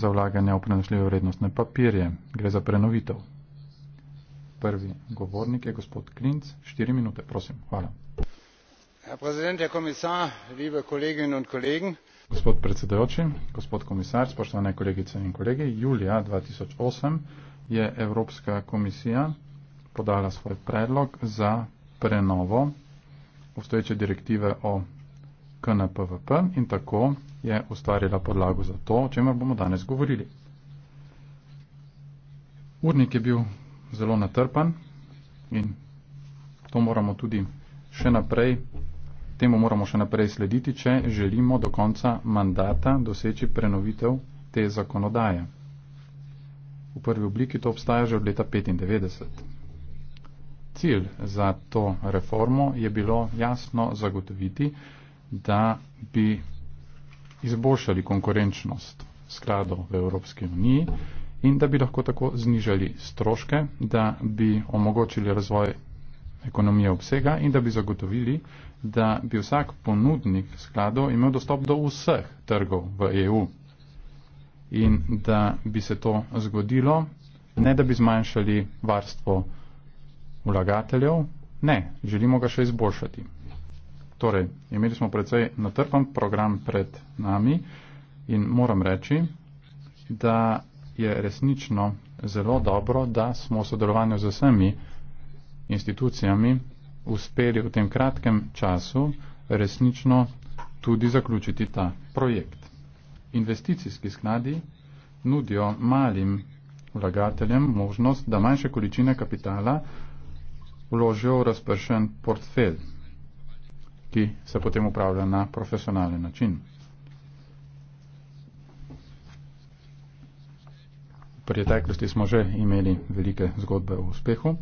za vlaganje v prenošljive vrednostne papirje. Gre za prenovitev. Prvi govornik je gospod Klinc. Štiri minute, prosim. Hvala. Komisar, gospod predsedojoči, gospod komisar, spoštovane kolegice in kolegi, julija 2008 je Evropska komisija podala svoj predlog za prenovo obstoječe direktive o KNPVP in tako je ustvarila podlago za to, o čemer bomo danes govorili. Urnik je bil zelo natrpan in to moramo tudi še naprej, temu moramo še naprej slediti, če želimo do konca mandata doseči prenovitev te zakonodaje. V prvi obliki to obstaja že od leta 1995. Cilj za to reformo je bilo jasno zagotoviti, da bi izboljšali konkurenčnost skladov v Evropski uniji in da bi lahko tako znižali stroške, da bi omogočili razvoj ekonomije obsega in da bi zagotovili, da bi vsak ponudnik skladov imel dostop do vseh trgov v EU in da bi se to zgodilo, ne da bi zmanjšali varstvo vlagateljev, ne, želimo ga še izboljšati. Torej, imeli smo precej natrpan program pred nami in moram reči, da je resnično zelo dobro, da smo v sodelovanju z vsemi institucijami uspeli v tem kratkem času resnično tudi zaključiti ta projekt. Investicijski skladi nudijo malim vlagateljem možnost, da manjše količine kapitala vložijo v razpršen portfelj ki se potem upravlja na profesionalen način. V preteklosti smo že imeli velike zgodbe o uspehu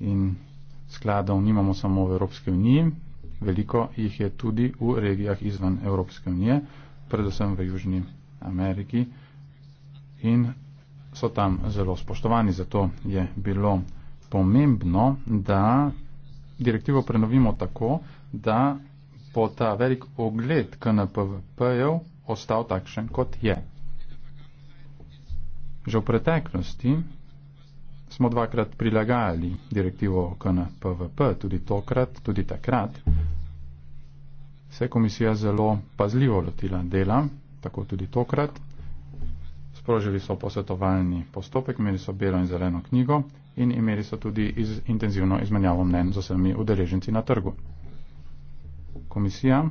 in skladov nimamo samo v Evropski uniji, veliko jih je tudi v regijah izven Evropske unije, predvsem v Južni Ameriki in so tam zelo spoštovani. Zato je bilo pomembno, da direktivo prenovimo tako, da bo ta velik ogled KNPVP-jev ostal takšen, kot je. Že v preteklosti smo dvakrat prilagajali direktivo KNPVP, tudi tokrat, tudi takrat. Se je komisija zelo pazljivo lotila dela, tako tudi tokrat sprožili so posvetovalni postopek, imeli so belo in zeleno knjigo in imeli so tudi iz, intenzivno izmenjavo mnen z vsemi udeleženci na trgu. Komisija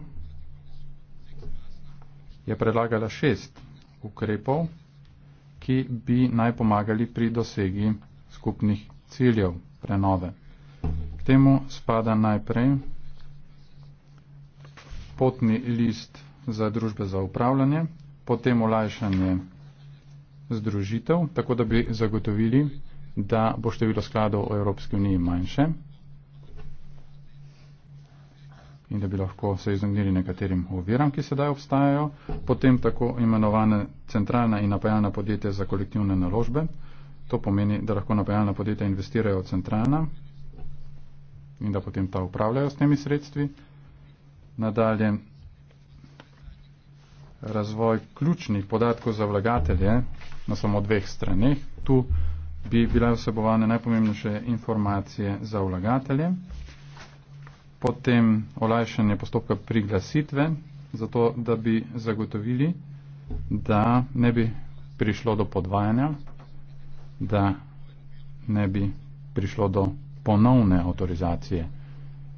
je predlagala šest ukrepov, ki bi naj pomagali pri dosegi skupnih ciljev prenove. K temu spada najprej potni list za družbe za upravljanje, potem olajšanje združitev, tako da bi zagotovili, da bo število skladov v Evropski uniji manjše in da bi lahko se izognili nekaterim oviram, ki sedaj obstajajo, potem tako imenovane centralna in napajalna podjetja za kolektivne naložbe. To pomeni, da lahko napajalna podjetja investirajo centralna in da potem ta upravljajo s temi sredstvi. Nadalje razvoj ključnih podatkov za vlagatelje na samo dveh straneh. Tu bi bile vsebovane najpomembnejše informacije za vlagatelje. Potem olajšanje postopka priglasitve, zato da bi zagotovili, da ne bi prišlo do podvajanja, da ne bi prišlo do ponovne avtorizacije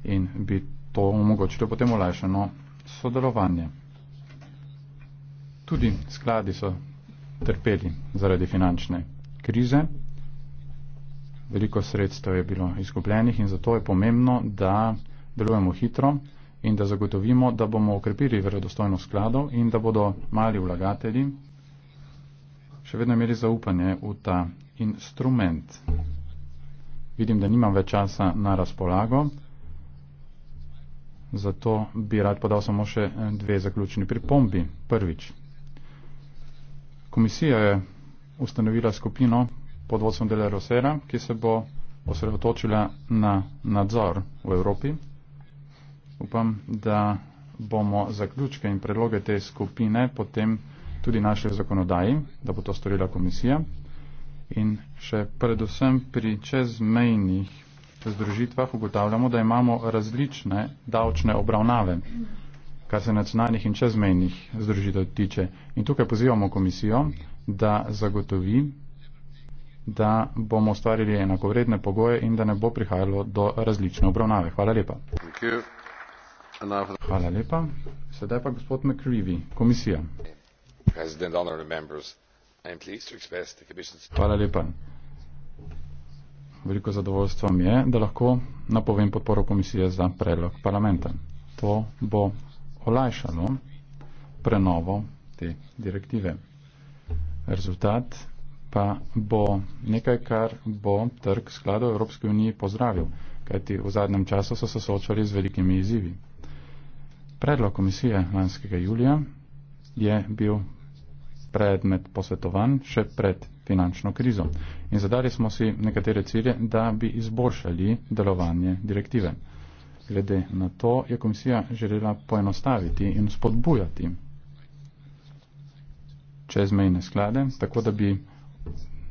in bi to omogočilo potem olajšano sodelovanje tudi skladi so trpeli zaradi finančne krize. Veliko sredstev je bilo izgubljenih in zato je pomembno, da delujemo hitro in da zagotovimo, da bomo okrepili verodostojno skladov in da bodo mali vlagatelji še vedno imeli zaupanje v ta instrument. Vidim, da nimam več časa na razpolago, zato bi rad podal samo še dve zaključni pripombi. Prvič. Komisija je ustanovila skupino pod vodstvom Dele Rosera, ki se bo osredotočila na nadzor v Evropi. Upam, da bomo zaključke in predloge te skupine potem tudi našli v zakonodaji, da bo to storila komisija. In še predvsem pri čezmejnih združitvah ugotavljamo, da imamo različne davčne obravnave kar se nacionalnih in čezmejnih združitev tiče. In tukaj pozivamo komisijo, da zagotovi, da bomo ustvarili enakovredne pogoje in da ne bo prihajalo do različne obravnave. Hvala lepa. Hvala lepa. Sedaj pa gospod McCreevy, komisija. Hvala lepa. Veliko zadovoljstvo mi je, da lahko napovem podporo komisije za predlog parlamenta. To bo olajšalo prenovo te direktive. Rezultat pa bo nekaj, kar bo trg skladov Evropske unije pozdravil, kajti v zadnjem času so se soočali z velikimi izzivi. Predlog komisije lanskega julija je bil predmet posvetovanj še pred finančno krizo in zadali smo si nekatere cilje, da bi izboljšali delovanje direktive. Glede na to je komisija želela poenostaviti in spodbujati čezmejne sklade, tako da bi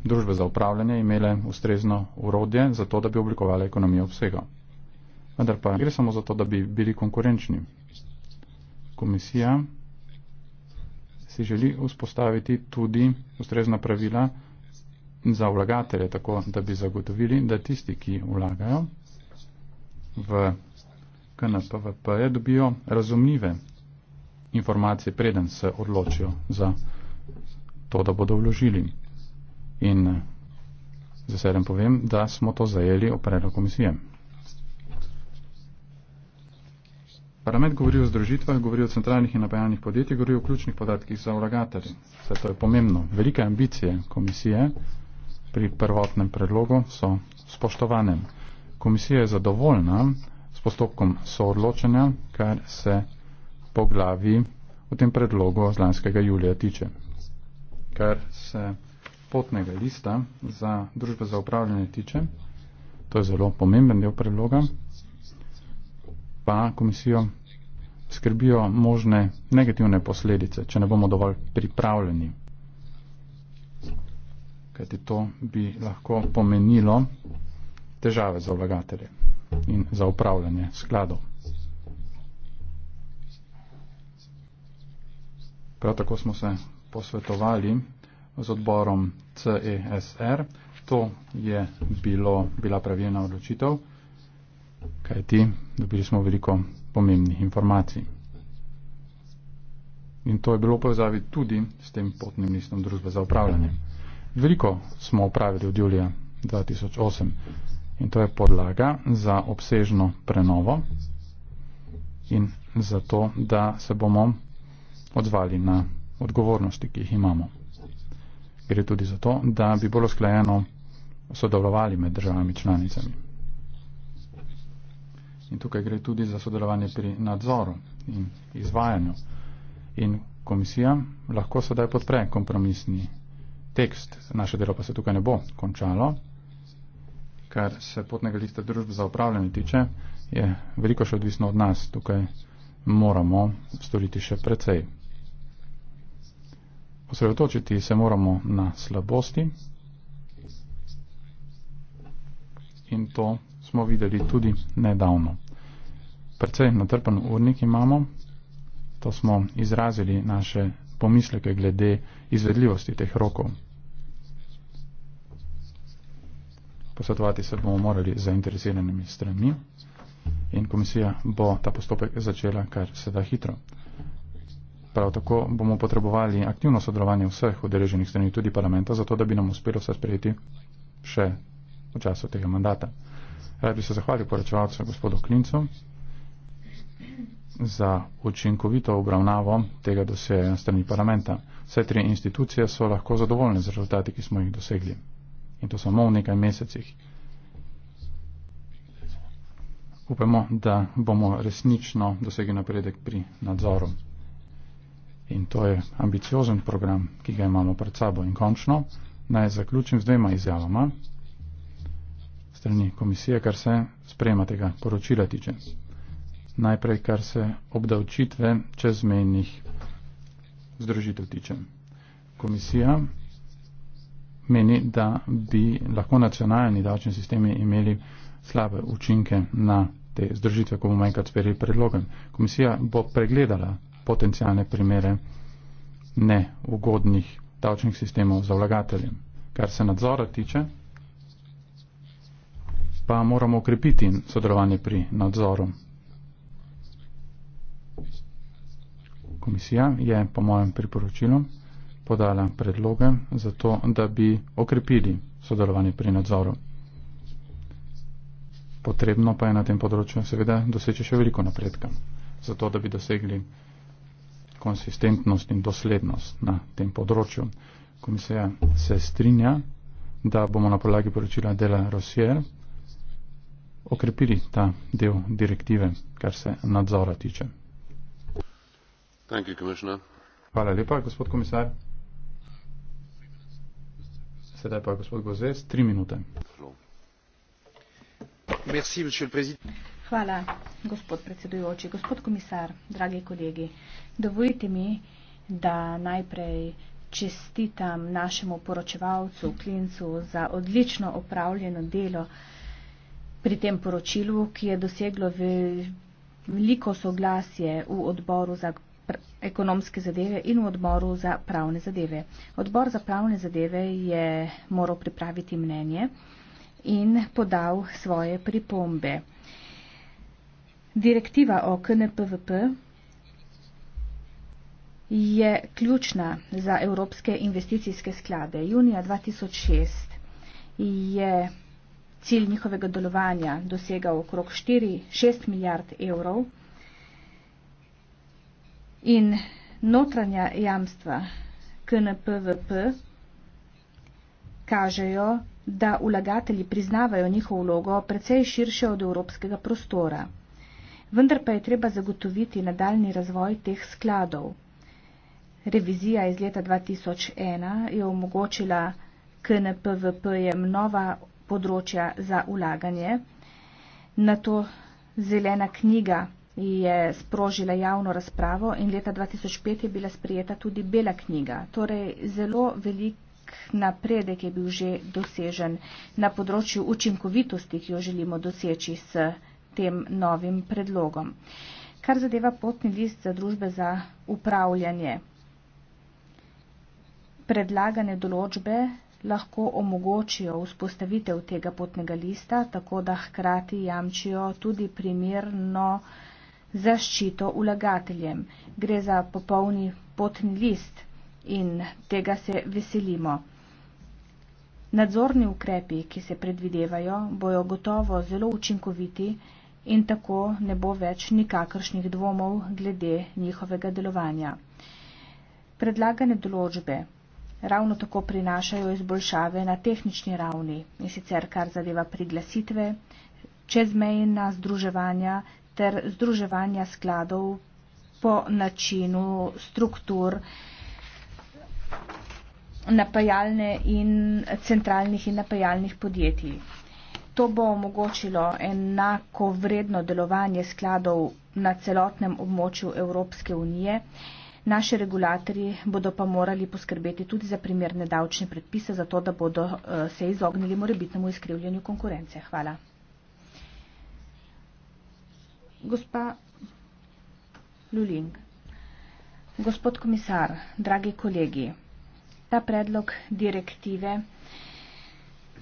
družbe za upravljanje imele ustrezno urodje za to, da bi oblikovali ekonomijo obsega. Vendar pa gre samo za to, da bi bili konkurenčni. Komisija si želi vzpostaviti tudi ustrezna pravila za vlagatelje, tako da bi zagotovili, da tisti, ki vlagajo v KNPVP-je dobijo razumljive informacije, preden se odločijo za to, da bodo vložili. In eh, za sedem povem, da smo to zajeli v predlog komisije. Parlament govori o združitvah, govori o centralnih in napajalnih podjetjih, govori o ključnih podatkih za vlagatelje. Vse to je pomembno. Velike ambicije komisije pri prvotnem predlogu so spoštovane. Komisija je zadovoljna, s postopkom soodločanja, kar se poglavi v tem predlogu z lanskega julija tiče. Kar se potnega lista za družbe za upravljanje tiče, to je zelo pomemben del predloga, pa komisijo skrbijo možne negativne posledice, če ne bomo dovolj pripravljeni. Kajti to bi lahko pomenilo težave za vlagatelje in za upravljanje skladov. Prav tako smo se posvetovali z odborom CESR. To je bilo, bila pravilna odločitev, kajti dobili smo veliko pomembnih informacij. In to je bilo povezavi tudi s tem potnim listom družbe za upravljanje. Veliko smo upravili od julija 2008. In to je podlaga za obsežno prenovo in za to, da se bomo odzvali na odgovornosti, ki jih imamo. Gre tudi za to, da bi bolj sklajeno sodelovali med državami članicami. In tukaj gre tudi za sodelovanje pri nadzoru in izvajanju. In komisija lahko sedaj podpre kompromisni tekst. Naše delo pa se tukaj ne bo končalo kar se potnega lista družbe za upravljanje tiče, je veliko še odvisno od nas. Tukaj moramo storiti še precej. Osredotočiti se moramo na slabosti in to smo videli tudi nedavno. Precej natrpan urnik imamo, to smo izrazili naše pomisleke glede izvedljivosti teh rokov. posvetovati se bomo morali zainteresiranimi stranmi in komisija bo ta postopek začela kar se da hitro. Prav tako bomo potrebovali aktivno sodelovanje vseh odreženih strani, tudi parlamenta, zato da bi nam uspelo vse sprejeti še v času tega mandata. Rad bi se zahvalil poročevalcu gospodu Klincu za učinkovito obravnavo tega dosjeja strani parlamenta. Vse tri institucije so lahko zadovoljne z rezultati, ki smo jih dosegli in to samo v nekaj mesecih. Upamo, da bomo resnično dosegli napredek pri nadzoru. In to je ambiciozen program, ki ga imamo pred sabo. In končno naj zaključim z dvema izjavama strani komisije, kar se sprejema tega poročila tiče. Najprej, kar se obdavčitve čezmejnih združitev tiče. Komisija meni, da bi lahko nacionalni davčni sistemi imeli slabe učinke na te združitve, ko bomo enkrat sprejeli predloge. Komisija bo pregledala potencijalne primere neugodnih davčnih sistemov za vlagatelje. Kar se nadzora tiče, pa moramo okrepiti sodelovanje pri nadzoru. Komisija je po mojem priporočilu podala predloge za to, da bi okrepili sodelovanje pri nadzoru. Potrebno pa je na tem področju seveda doseči še veliko napredka, zato da bi dosegli konsistentnost in doslednost na tem področju. Komisija se strinja, da bomo na podlagi poročila dela Rosier okrepili ta del direktive, kar se nadzora tiče. Hvala lepa, gospod komisar. Sedaj pa gospod Gozes, tri minute. Merci, Hvala, gospod predsedujoči, gospod komisar, dragi kolegi. Dovolite mi, da najprej čestitam našemu poročevalcu Klincu za odlično opravljeno delo pri tem poročilu, ki je doseglo veliko soglasje v odboru za ekonomske zadeve in v odboru za pravne zadeve. Odbor za pravne zadeve je moral pripraviti mnenje in podal svoje pripombe. Direktiva o KNPVP je ključna za evropske investicijske sklade. Junija 2006 je cilj njihovega delovanja dosegal okrog 4, 6 milijard evrov in notranja jamstva KNPVP kažejo, da vlagatelji priznavajo njihovo vlogo precej širše od evropskega prostora. Vendar pa je treba zagotoviti nadaljni razvoj teh skladov. Revizija iz leta 2001 je omogočila KNPVP-jem nova področja za ulaganje, na to zelena knjiga je sprožila javno razpravo in leta 2005 je bila sprijeta tudi Bela knjiga. Torej, zelo velik napredek je bil že dosežen na področju učinkovitosti, ki jo želimo doseči s tem novim predlogom. Kar zadeva potni list za družbe za upravljanje. Predlagane določbe lahko omogočijo vzpostavitev tega potnega lista, tako da hkrati jamčijo tudi primerno zaščito vlagateljem. Gre za popolni potni list in tega se veselimo. Nadzorni ukrepi, ki se predvidevajo, bojo gotovo zelo učinkoviti in tako ne bo več nikakršnih dvomov glede njihovega delovanja. Predlagane določbe ravno tako prinašajo izboljšave na tehnični ravni in sicer kar zadeva priglasitve, čezmejna združevanja ter združevanja skladov po načinu struktur napajalne in centralnih in napajalnih podjetij. To bo omogočilo enako vredno delovanje skladov na celotnem območju Evropske unije. Naši regulatorji bodo pa morali poskrbeti tudi za primerne davčne predpise, zato da bodo eh, se izognili morebitnemu izkrivljanju konkurence. Hvala. Gospa Luling, gospod komisar, dragi kolegi, ta predlog direktive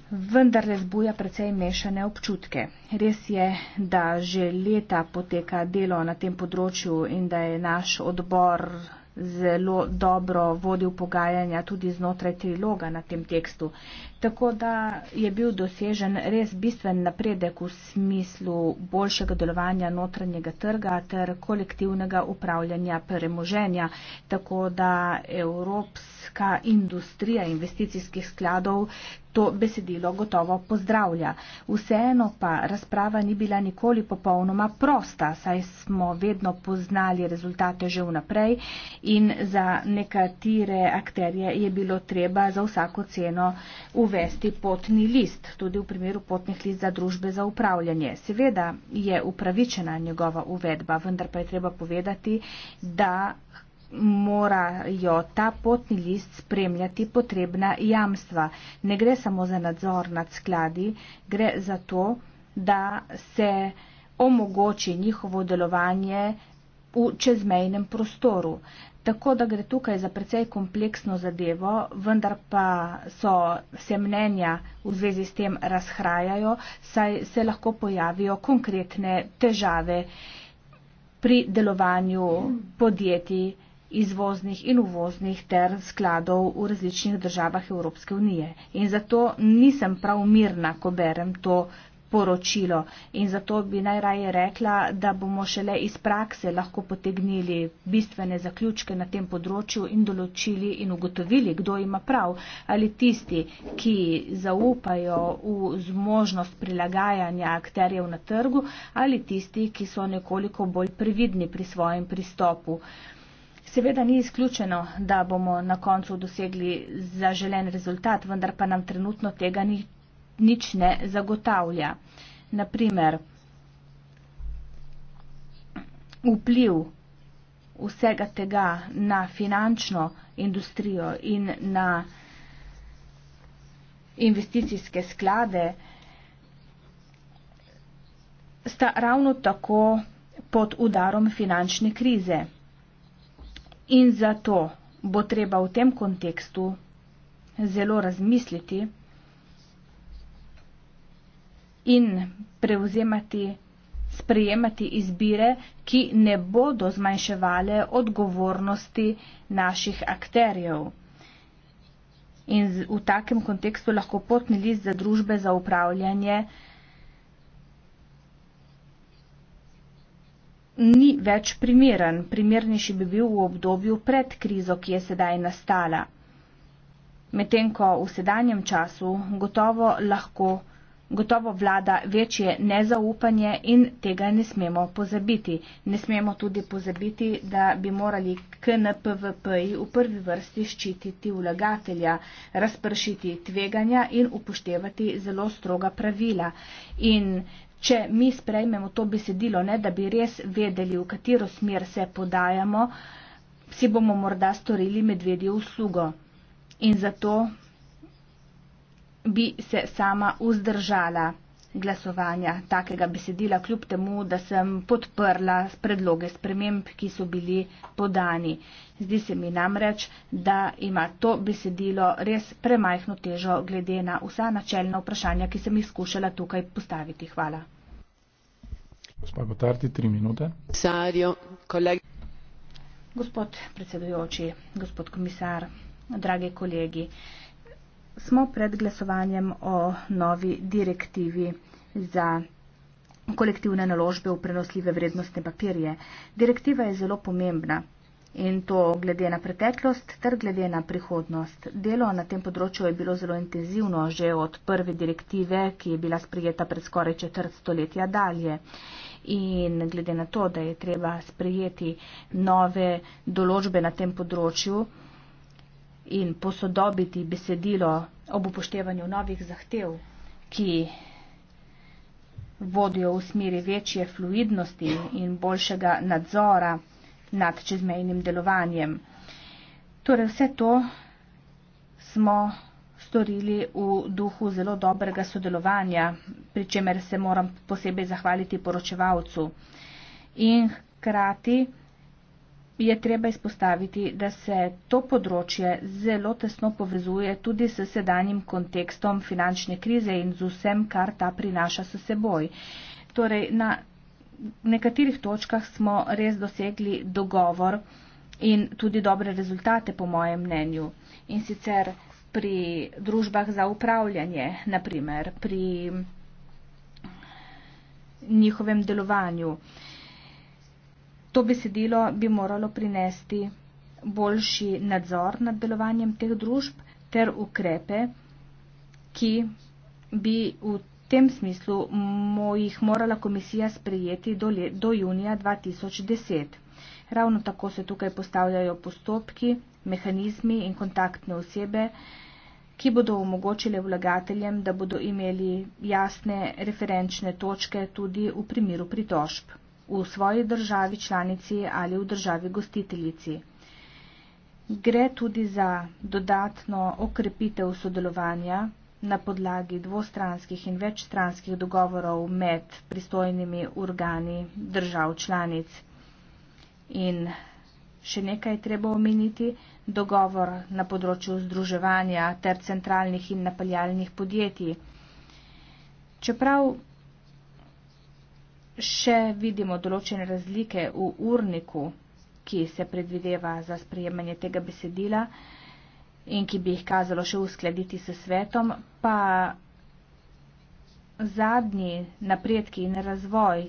vendar zbuja precej mešane občutke. Res je, da že leta poteka delo na tem področju in da je naš odbor zelo dobro vodil pogajanja tudi znotraj triloga na tem tekstu. Tako da je bil dosežen res bistven napredek v smislu boljšega delovanja notranjega trga ter kolektivnega upravljanja premoženja, tako da evropska industrija investicijskih skladov to besedilo gotovo pozdravlja. Vseeno pa razprava ni bila nikoli popolnoma prosta, saj smo vedno poznali rezultate že vnaprej in za nekatere akterje je bilo treba za vsako ceno uvesti potni list, tudi v primeru potnih list za družbe za upravljanje. Seveda je upravičena njegova uvedba, vendar pa je treba povedati, da morajo ta potni list spremljati potrebna jamstva. Ne gre samo za nadzor nad skladi, gre za to, da se omogoči njihovo delovanje v čezmejnem prostoru. Tako da gre tukaj za precej kompleksno zadevo, vendar pa so se mnenja v zvezi s tem razhrajajo, saj se lahko pojavijo konkretne težave pri delovanju podjetij izvoznih in uvoznih ter skladov v različnih državah Evropske unije. In zato nisem prav mirna, ko berem to poročilo. In zato bi najraje rekla, da bomo šele iz prakse lahko potegnili bistvene zaključke na tem področju in določili in ugotovili, kdo ima prav. Ali tisti, ki zaupajo v zmožnost prilagajanja akterjev na trgu, ali tisti, ki so nekoliko bolj prividni pri svojem pristopu. Seveda ni izključeno, da bomo na koncu dosegli zaželen rezultat, vendar pa nam trenutno tega ni, nič ne zagotavlja. Naprimer, vpliv vsega tega na finančno industrijo in na investicijske sklade sta ravno tako pod udarom finančne krize. In zato bo treba v tem kontekstu zelo razmisliti in prevzemati, sprejemati izbire, ki ne bodo zmanjševale odgovornosti naših akterjev. In v takem kontekstu lahko potni list za družbe za upravljanje ni več primeren, primernejši bi bil v obdobju pred krizo, ki je sedaj nastala. Medtem ko v sedanjem času gotovo lahko, gotovo vlada večje nezaupanje in tega ne smemo pozabiti. Ne smemo tudi pozabiti, da bi morali KNPVP-ji v prvi vrsti ščititi vlagatelja, razpršiti tveganja in upoštevati zelo stroga pravila. In če mi sprejmemo to besedilo, ne, da bi res vedeli, v katero smer se podajamo, si bomo morda storili medvedjo uslugo. In zato bi se sama vzdržala glasovanja takega besedila, kljub temu, da sem podprla predloge sprememb, ki so bili podani. Zdi se mi namreč, da ima to besedilo res premajhno težo glede na vsa načeljna vprašanja, ki sem jih skušala tukaj postaviti. Hvala. Gospod Gotardi, tri minute. Gospod predsedujoči, gospod komisar, drage kolegi, smo pred glasovanjem o novi direktivi za kolektivne naložbe v prenosljive vrednostne papirje. Direktiva je zelo pomembna in to glede na preteklost ter glede na prihodnost. Delo na tem področju je bilo zelo intenzivno že od prve direktive, ki je bila sprijeta pred skoraj četrt stoletja dalje. In glede na to, da je treba sprijeti nove določbe na tem področju in posodobiti besedilo ob upoštevanju novih zahtev, ki vodijo v smeri večje fluidnosti in boljšega nadzora, nad čezmejnim delovanjem. Torej vse to smo storili v duhu zelo dobrega sodelovanja, pri čemer se moram posebej zahvaliti poročevalcu. In hkrati je treba izpostaviti, da se to področje zelo tesno povezuje tudi s sedanjim kontekstom finančne krize in z vsem, kar ta prinaša s seboj. Torej, na v nekaterih točkah smo res dosegli dogovor in tudi dobre rezultate, po mojem mnenju. In sicer pri družbah za upravljanje, naprimer pri njihovem delovanju. To besedilo bi moralo prinesti boljši nadzor nad delovanjem teh družb ter ukrepe, ki bi v tem smislu mo jih morala komisija sprejeti do, do junija 2010. Ravno tako se tukaj postavljajo postopki, mehanizmi in kontaktne osebe, ki bodo omogočile vlagateljem, da bodo imeli jasne referenčne točke tudi v primeru pritožb v svoji državi članici ali v državi gostiteljici. Gre tudi za dodatno okrepitev sodelovanja na podlagi dvostranskih in večstranskih dogovorov med pristojnimi organi držav članic. In še nekaj je treba omeniti, dogovor na področju združevanja ter centralnih in napaljalnih podjetij. Čeprav še vidimo določene razlike v urniku, ki se predvideva za sprejemanje tega besedila, in ki bi jih kazalo še uskladiti s svetom, pa zadnji napredki in razvoj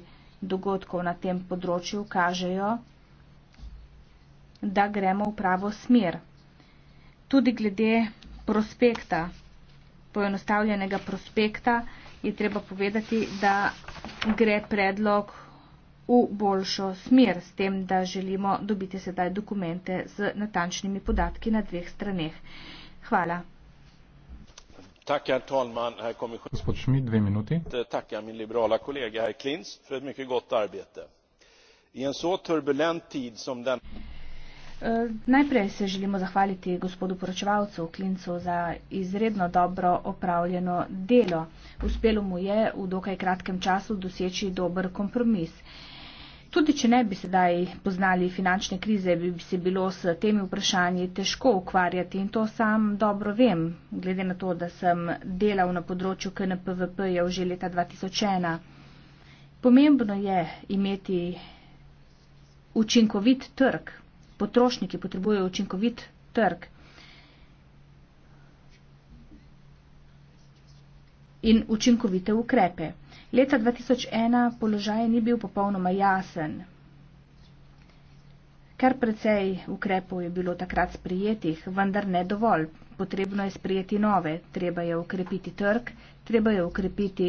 dogodkov na tem področju kažejo, da gremo v pravo smer. Tudi glede prospekta, poenostavljenega prospekta, je treba povedati, da gre predlog v boljšo smer, s tem, da želimo dobiti sedaj dokumente z natančnimi podatki na dveh straneh. Hvala. Gospod Šmit, dve minuti. Eh, Takja min liberala kolega Herr Klins, for et mykje godt arbete. I en so turbulent tid som den... Eh, najprej se želimo zahvaliti gospodu poročevalcu Klincu za izredno dobro opravljeno delo. Uspelo mu je v dokaj kratkem času doseči dober kompromis. Tudi če ne bi sedaj poznali finančne krize, bi se bilo s temi vprašanji težko ukvarjati in to sam dobro vem, glede na to, da sem delal na področju KNPVP-ja že leta 2001. Pomembno je imeti učinkovit trg. Potrošniki potrebujejo učinkovit trg. In učinkovite ukrepe. Leta 2001 položaj ni bil popolnoma jasen. Ker precej ukrepov je bilo takrat sprijetih, vendar ne dovolj. Potrebno je sprijeti nove, treba je ukrepiti trg, treba je ukrepiti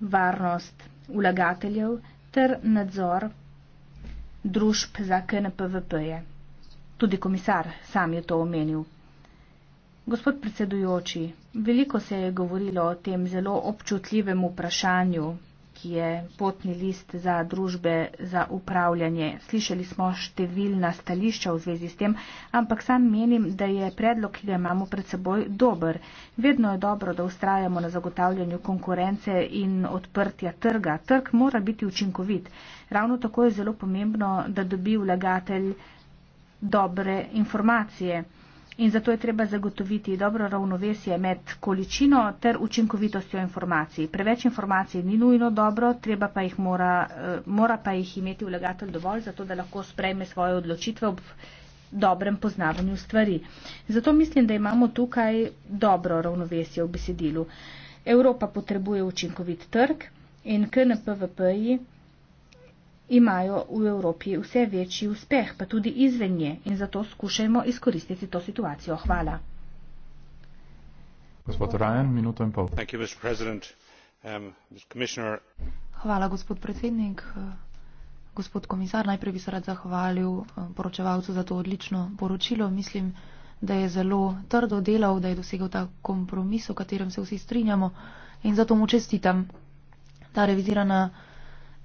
varnost ulagateljev ter nadzor družb za KNPVP-je. Tudi komisar sam je to omenil. Gospod predsedujoči, veliko se je govorilo o tem zelo občutljivem vprašanju, ki je potni list za družbe za upravljanje. Slišali smo številna stališča v zvezi s tem, ampak sam menim, da je predlog, ki ga imamo pred seboj, dober. Vedno je dobro, da ustrajamo na zagotavljanju konkurence in odprtja trga. Trg mora biti učinkovit. Ravno tako je zelo pomembno, da dobi vlagatelj dobre informacije in zato je treba zagotoviti dobro ravnovesje med količino ter učinkovitostjo informacij. Preveč informacij ni nujno dobro, treba pa jih mora, eh, mora pa jih imeti vlagatelj dovolj, zato da lahko sprejme svoje odločitve ob dobrem poznavanju stvari. Zato mislim, da imamo tukaj dobro ravnovesje v besedilu. Evropa potrebuje učinkovit trg in KNPVP-ji imajo v Evropi vse večji uspeh, pa tudi izven nje in zato skušajmo izkoristiti to situacijo. Hvala. Gospod Rajan, minuto in pol. Um, Hvala, gospod predsednik. Gospod komisar, najprej bi se rad zahvalil um, poročevalcu za to odlično poročilo. Mislim, da je zelo trdo delal, da je dosegel ta kompromis, o katerem se vsi strinjamo in zato mu čestitam. Ta revizirana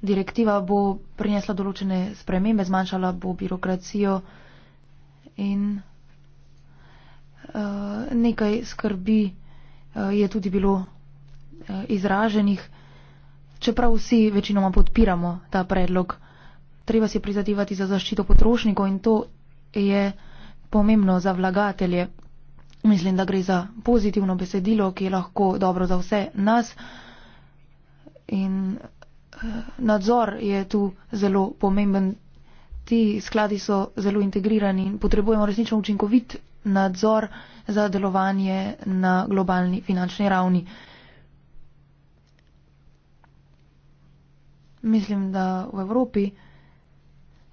direktiva bo prinesla določene spremembe, zmanjšala bo birokracijo in uh, nekaj skrbi uh, je tudi bilo uh, izraženih, čeprav vsi večinoma podpiramo ta predlog. Treba se prizadevati za zaščito potrošnikov in to je pomembno za vlagatelje. Mislim, da gre za pozitivno besedilo, ki je lahko dobro za vse nas. In nadzor je tu zelo pomemben. Ti skladi so zelo integrirani in potrebujemo resnično učinkovit nadzor za delovanje na globalni finančni ravni. Mislim, da v Evropi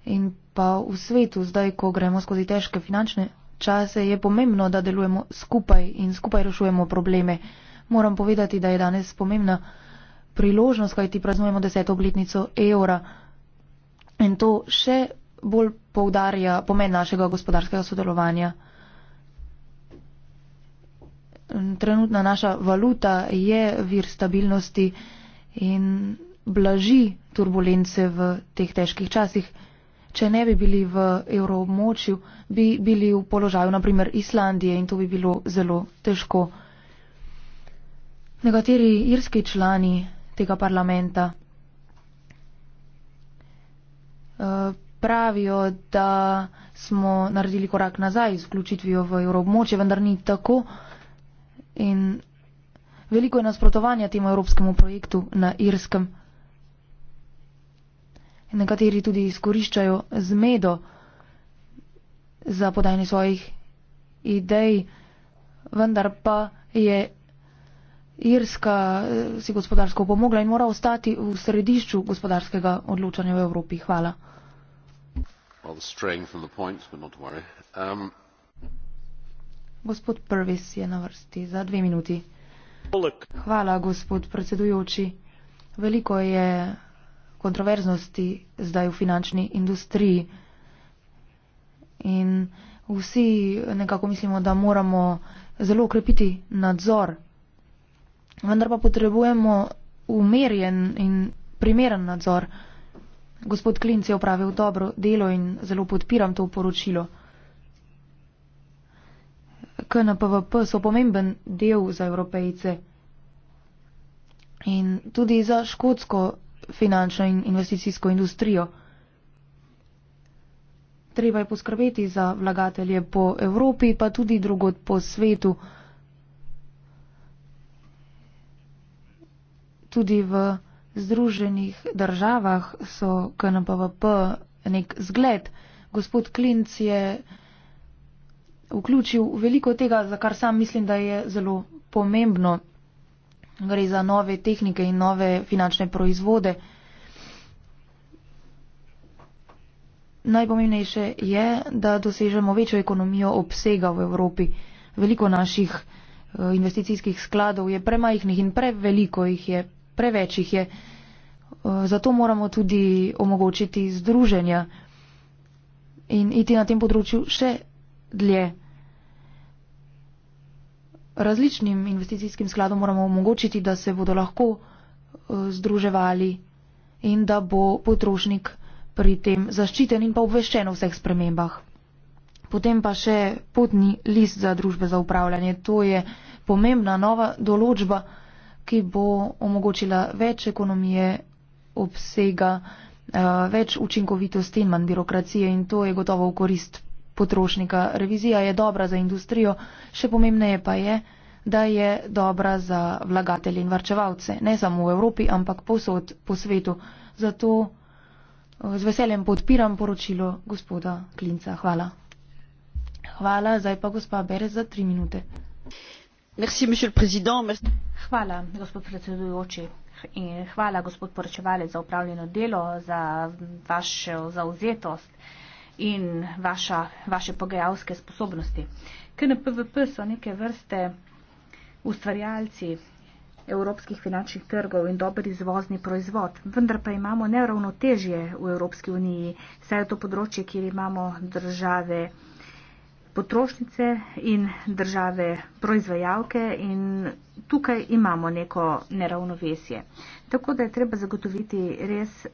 in pa v svetu, zdaj, ko gremo skozi težke finančne čase, je pomembno, da delujemo skupaj in skupaj rešujemo probleme. Moram povedati, da je danes pomembna priložnost, kaj ti praznujemo deseto obletnico evra. In to še bolj poudarja pomen našega gospodarskega sodelovanja. Trenutna naša valuta je vir stabilnosti in blaži turbulence v teh težkih časih. Če ne bi bili v evroobmočju, bi bili v položaju naprimer Islandije in to bi bilo zelo težko. Nekateri irski člani tega parlamenta. Eh, pravijo, da smo naredili korak nazaj z vključitvijo v evroobmočje, vendar ni tako. In veliko je nasprotovanja temu evropskemu projektu na Irskem. Nekateri tudi izkoriščajo zmedo za podajanje svojih idej, vendar pa je Irska eh, si gospodarsko pomogla in mora ostati v središču gospodarskega odločanja v Evropi. Hvala. Well, point, um... Gospod Prvis je na vrsti za dve minuti. Hvala, gospod predsedujoči. Veliko je kontroverznosti zdaj v finančni industriji in vsi nekako mislimo, da moramo zelo okrepiti nadzor vendar pa potrebujemo umerjen in primeren nadzor. Gospod Klinc je upravil dobro delo in zelo podpiram to poročilo. KNPVP so pomemben del za evropejce in tudi za škotsko finančno in investicijsko industrijo. Treba je poskrbeti za vlagatelje po Evropi, pa tudi drugot po svetu. tudi v Združenih državah so KNPVP nek zgled. Gospod Klinc je vključil veliko tega, za kar sam mislim, da je zelo pomembno. Gre za nove tehnike in nove finančne proizvode. Najpomembnejše je, da dosežemo večjo ekonomijo obsega v Evropi. Veliko naših eh, investicijskih skladov je premajhnih in preveliko jih je preveč jih je. Eh, zato moramo tudi omogočiti združenja in iti na tem področju še dlje. Različnim investicijskim skladom moramo omogočiti, da se bodo lahko eh, združevali in da bo potrošnik pri tem zaščiten in pa obveščen o vseh spremembah. Potem pa še potni list za družbe za upravljanje. To je pomembna nova določba ki bo omogočila več ekonomije, obsega, eh, več učinkovitosti in manj birokracije in to je gotovo v korist potrošnika. Revizija je dobra za industrijo, še pomembneje pa je, da je dobra za vlagatelje in varčevalce, ne samo v Evropi, ampak posod po svetu. Zato eh, z veseljem podpiram poročilo gospoda Klinca. Hvala. Hvala, zdaj pa gospa Berez za tri minute. Hvala, gospod predsedujoči. In hvala, gospod poročevalec, za upravljeno delo, za vašo zauzetost in vaša, vaše pogajalske sposobnosti. KNPVP so neke vrste ustvarjalci evropskih finančnih trgov in dober izvozni proizvod. Vendar pa imamo neravnotežje v Evropski uniji, saj je to področje, kjer imamo države potrošnice in države proizvajalke in tukaj imamo neko neravnovesje. Tako da je treba zagotoviti res eh,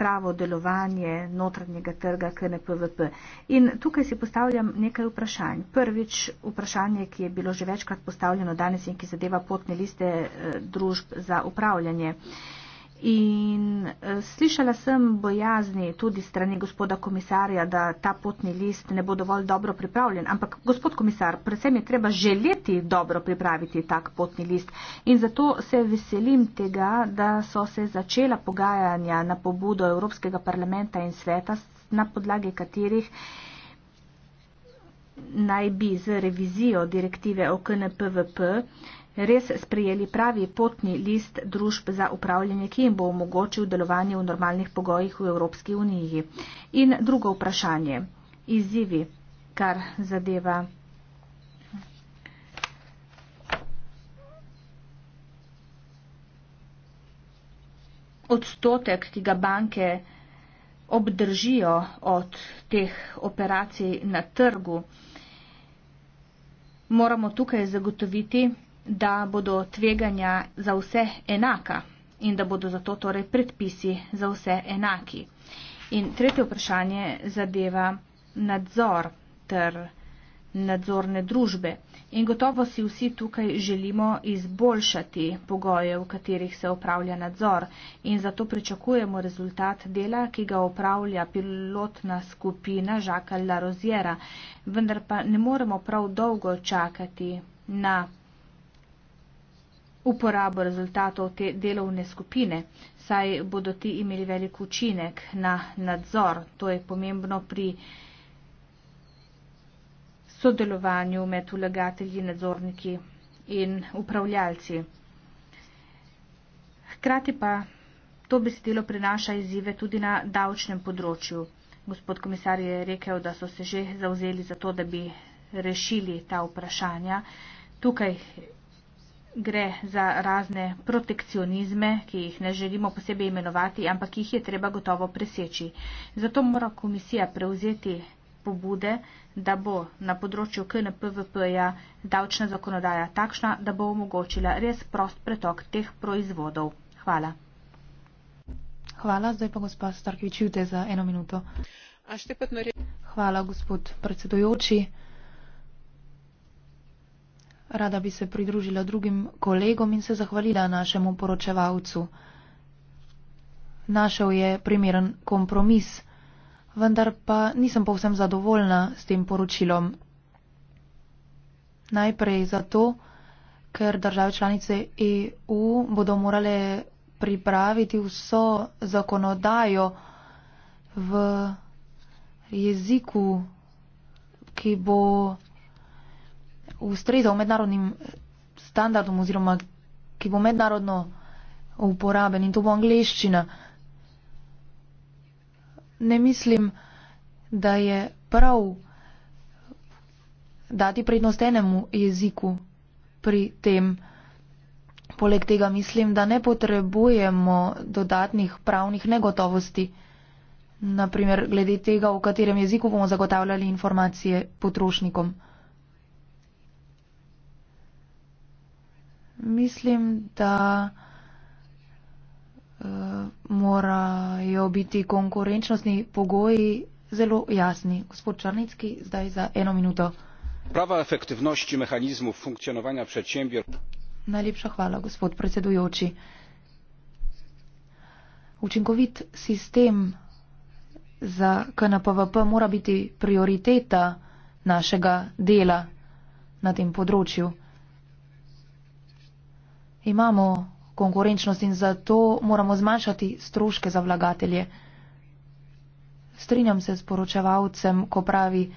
pravo delovanje notranjega trga KNPVP. In tukaj si postavljam nekaj vprašanj. Prvič vprašanje, ki je bilo že večkrat postavljeno danes in ki zadeva potne liste eh, družb za upravljanje. In eh, slišala sem bojazni tudi strani gospoda komisarja, da ta potni list ne bo dovolj dobro pripravljen. Ampak, gospod komisar, predvsem je treba želeti dobro pripraviti tak potni list. In zato se veselim tega, da so se začela pogajanja na pobudo Evropskega parlamenta in sveta, na podlagi katerih naj bi z revizijo direktive o KNPVP res sprejeli pravi potni list družb za upravljanje, ki jim bo omogočil delovanje v normalnih pogojih v Evropski uniji. In drugo vprašanje, izzivi, kar zadeva. Odstotek, ki ga banke obdržijo od teh operacij na trgu, moramo tukaj zagotoviti, da bodo tveganja za vse enaka in da bodo zato torej predpisi za vse enaki. In tretje vprašanje zadeva nadzor ter nadzorne družbe. In gotovo si vsi tukaj želimo izboljšati pogoje, v katerih se upravlja nadzor in zato pričakujemo rezultat dela, ki ga upravlja pilotna skupina Žaka Larozjera. Vendar pa ne moremo prav dolgo čakati na uporabo rezultatov te delovne skupine, saj bodo ti imeli velik učinek na nadzor. To je pomembno pri sodelovanju med vlagatelji, nadzorniki in upravljalci. Hkrati pa to besedilo prinaša izzive tudi na davčnem področju. Gospod komisar je rekel, da so se že zauzeli za to, da bi rešili ta vprašanja. Tukaj gre za razne protekcionizme, ki jih ne želimo posebej imenovati, ampak jih je treba gotovo preseči. Zato mora komisija prevzeti pobude, da bo na področju KNPVP-ja davčna zakonodaja takšna, da bo omogočila res prost pretok teh proizvodov. Hvala. Hvala, zdaj pa gospa Starkvičute za eno minuto. Hvala, gospod predsedujoči. Rada bi se pridružila drugim kolegom in se zahvalila našemu poročevalcu. Našel je primeren kompromis, vendar pa nisem povsem zadovoljna s tem poročilom. Najprej zato, ker države članice EU bodo morale pripraviti vso zakonodajo v jeziku, ki bo ustrezal mednarodnim standardom oziroma ki bo mednarodno uporaben in to bo angliščina. Ne mislim, da je prav dati prednost enemu jeziku pri tem. Poleg tega mislim, da ne potrebujemo dodatnih pravnih negotovosti, naprimer glede tega, v katerem jeziku bomo zagotavljali informacije potrošnikom. mislim, da uh, morajo biti konkurenčnostni pogoji zelo jasni. Gospod Črnitski, zdaj za eno minuto. Prava efektivnosti mehanizmov funkcionovanja predsembir. Najlepša hvala, gospod predsedujoči. Učinkovit sistem za KNPVP mora biti prioriteta našega dela na tem področju. Imamo konkurenčnost in zato moramo zmanjšati stroške za vlagatelje. Strinjam se s poročevalcem, ko pravi,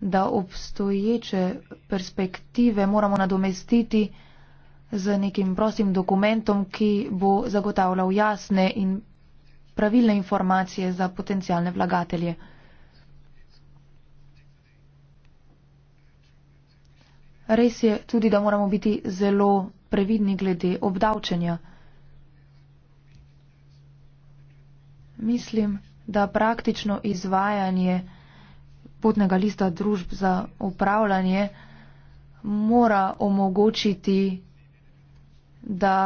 da obstoječe perspektive moramo nadomestiti z nekim prosim dokumentom, ki bo zagotavljal jasne in pravilne informacije za potencijalne vlagatelje. Res je tudi, da moramo biti zelo previdni glede obdavčenja. Mislim, da praktično izvajanje potnega lista družb za upravljanje mora omogočiti, da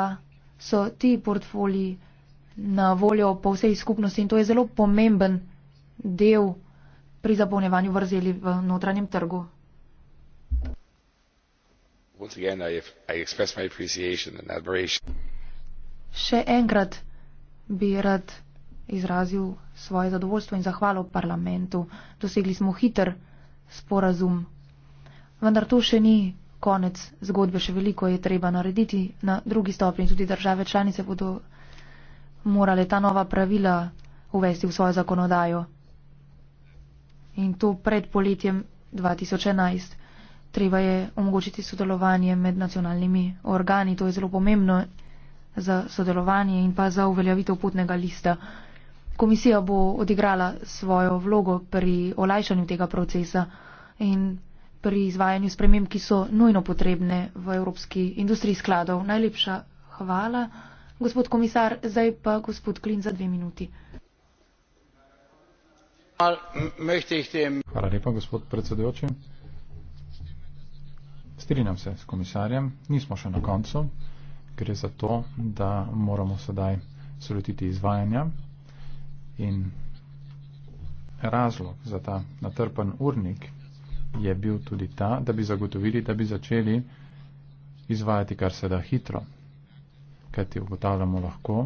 so ti portfolji na voljo po vsej skupnosti in to je zelo pomemben del pri zapolnjevanju vrzeli v notranjem trgu. Once again, I, I express my appreciation and admiration. Še enkrat bi rad izrazil svoje zadovoljstvo in zahvalo parlamentu. Dosegli smo hiter sporazum. Vendar to še ni konec zgodbe, še veliko je treba narediti na drugi stopni. Tudi države članice bodo morale ta nova pravila uvesti v svojo zakonodajo. In to pred poletjem 2011 treba je omogočiti sodelovanje med nacionalnimi organi. To je zelo pomembno za sodelovanje in pa za uveljavitev potnega lista. Komisija bo odigrala svojo vlogo pri olajšanju tega procesa in pri izvajanju sprememb, ki so nujno potrebne v Evropski industriji skladov. Najlepša hvala, gospod komisar, zdaj pa gospod Klin za dve minuti. Hvala lepa, gospod predsedujoči. Strinjam se s komisarjem, nismo še na koncu. Gre za to, da moramo sedaj slutiti izvajanja in razlog za ta natrpen urnik je bil tudi ta, da bi zagotovili, da bi začeli izvajati kar se da hitro. Kaj ti ugotavljamo lahko,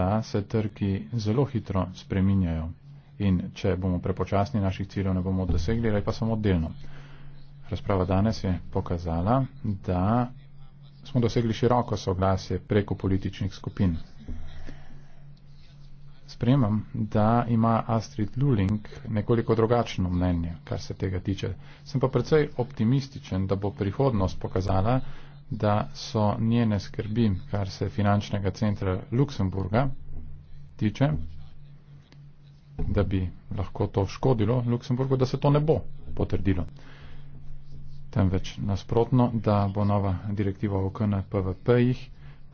da se trgi zelo hitro spreminjajo in če bomo prepočasni naših ciljev ne bomo dosegli, ali pa samo delno. Razprava danes je pokazala, da smo dosegli široko soglasje preko političnih skupin. Spremem, da ima Astrid Luling nekoliko drugačno mnenje, kar se tega tiče. Sem pa precej optimističen, da bo prihodnost pokazala, da so njene skrbi, kar se finančnega centra Luksemburga tiče, da bi lahko to škodilo Luksemburgu, da se to ne bo potrdilo temveč nasprotno, da bo nova direktiva o KNPVP-jih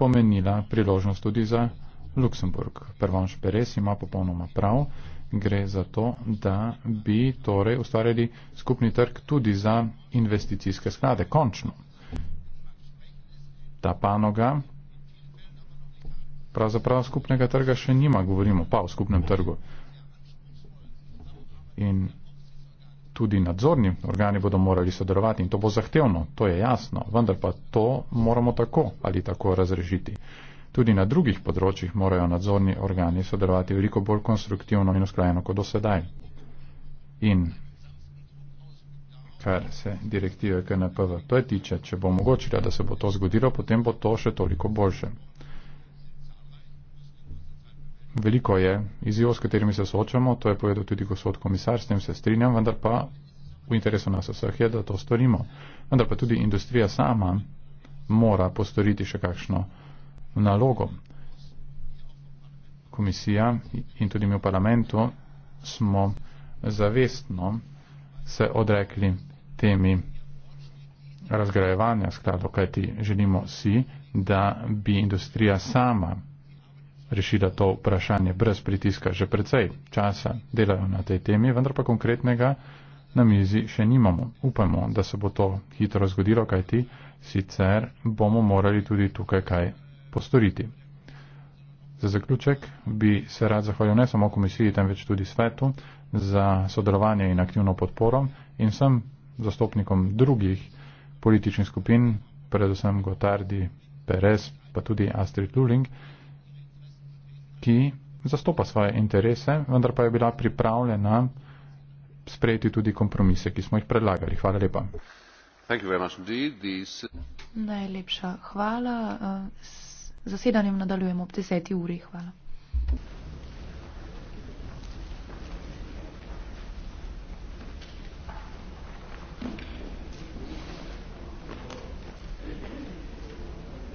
pomenila priložnost tudi za Luksemburg. Prvanš Peres ima popolnoma prav, gre za to, da bi torej ustvarjali skupni trg tudi za investicijske sklade. Končno. Ta panoga pravzaprav skupnega trga še nima, govorimo pa o skupnem trgu. In tudi nadzorni organi bodo morali sodelovati in to bo zahtevno, to je jasno, vendar pa to moramo tako ali tako razrešiti. Tudi na drugih področjih morajo nadzorni organi sodelovati veliko bolj konstruktivno in usklajeno kot do sedaj. In kar se direktive KNPVP tiče, če bo omogočila, da se bo to zgodilo, potem bo to še toliko boljše veliko je izzivov, s katerimi se soočamo, to je povedal tudi gospod komisar, s tem se strinjam, vendar pa v interesu nas vseh je, da to storimo. Vendar pa tudi industrija sama mora postoriti še kakšno nalogo. Komisija in tudi mi v parlamentu smo zavestno se odrekli temi razgrajevanja skladov, kajti želimo si, da bi industrija sama rešila to vprašanje brez pritiska. Že precej časa delajo na tej temi, vendar pa konkretnega na mizi še nimamo. Upamo, da se bo to hitro zgodilo, kajti sicer bomo morali tudi tukaj kaj postoriti. Za zaključek bi se rad zahvalil ne samo komisiji, temveč tudi svetu za sodelovanje in aktivno podporo in sem zastopnikom drugih političnih skupin, predvsem Gotardi, Perez, pa tudi Astrid Luling ki zastopa svoje interese, vendar pa je bila pripravljena sprejeti tudi kompromise, ki smo jih predlagali. Hvala lepa. Najlepša hvala. Eh, z zasedanjem nadaljujemo ob 10. uri. Hvala.